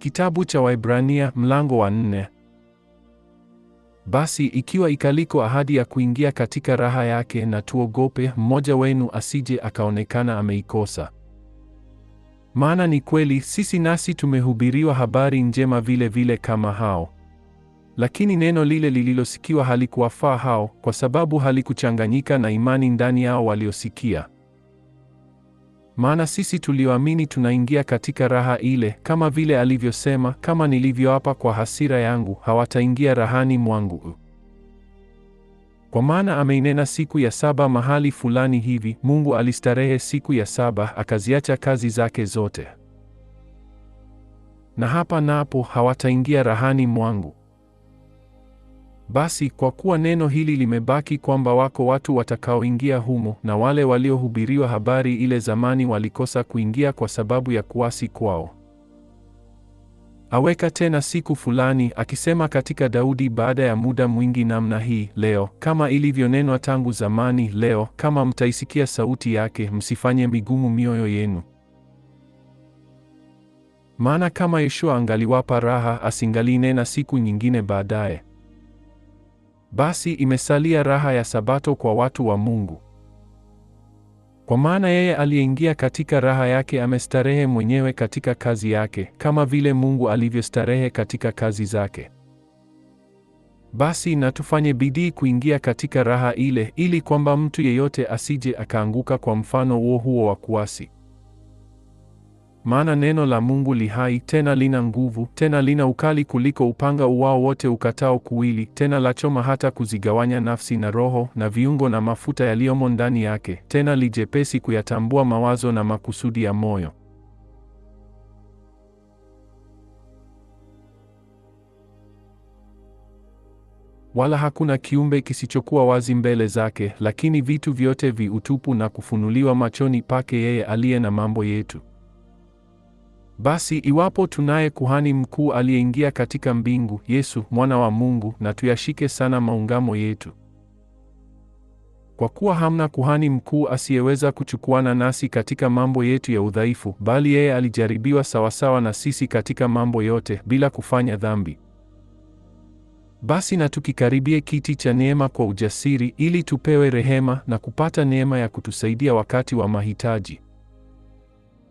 Kitabu cha Waibrania mlango wa nne. Basi ikiwa ikaliko ahadi ya kuingia katika raha yake, na tuogope mmoja wenu asije akaonekana ameikosa. Maana ni kweli sisi nasi tumehubiriwa habari njema vile vile kama hao, lakini neno lile lililosikiwa halikuwafaa hao, kwa sababu halikuchanganyika na imani ndani yao waliosikia. Maana sisi tulioamini tunaingia katika raha ile, kama vile alivyosema, kama nilivyoapa kwa hasira yangu, hawataingia rahani mwangu. Kwa maana ameinena siku ya saba mahali fulani hivi, Mungu alistarehe siku ya saba, akaziacha kazi zake zote. Na hapa napo hawataingia rahani mwangu. Basi kwa kuwa neno hili limebaki kwamba wako watu watakaoingia humo, na wale waliohubiriwa habari ile zamani walikosa kuingia kwa sababu ya kuasi kwao. Aweka tena siku fulani, akisema katika Daudi baada ya muda mwingi namna hii, leo kama ilivyonenwa tangu zamani, leo kama mtaisikia sauti yake, msifanye migumu mioyo yenu. Maana kama Yeshua angaliwapa raha, asingalinena siku nyingine baadaye. Basi imesalia raha ya Sabato kwa watu wa Mungu. Kwa maana yeye aliyeingia katika raha yake amestarehe mwenyewe katika kazi yake, kama vile Mungu alivyostarehe katika kazi zake. Basi na tufanye bidii kuingia katika raha ile, ili kwamba mtu yeyote asije akaanguka kwa mfano huo huo wa kuasi. Maana neno la Mungu li hai, tena lina nguvu, tena lina ukali kuliko upanga uwao wote ukatao kuwili, tena lachoma hata kuzigawanya nafsi na roho na viungo na mafuta yaliyomo ndani yake, tena lijepesi kuyatambua mawazo na makusudi ya moyo. Wala hakuna kiumbe kisichokuwa wazi mbele zake, lakini vitu vyote viutupu na kufunuliwa machoni pake yeye aliye na mambo yetu. Basi iwapo tunaye kuhani mkuu aliyeingia katika mbingu, Yesu mwana wa Mungu, na tuyashike sana maungamo yetu, kwa kuwa hamna kuhani mkuu asiyeweza kuchukuana nasi katika mambo yetu ya udhaifu, bali yeye alijaribiwa sawasawa na sisi katika mambo yote, bila kufanya dhambi. Basi na tukikaribie kiti cha neema kwa ujasiri, ili tupewe rehema na kupata neema ya kutusaidia wakati wa mahitaji.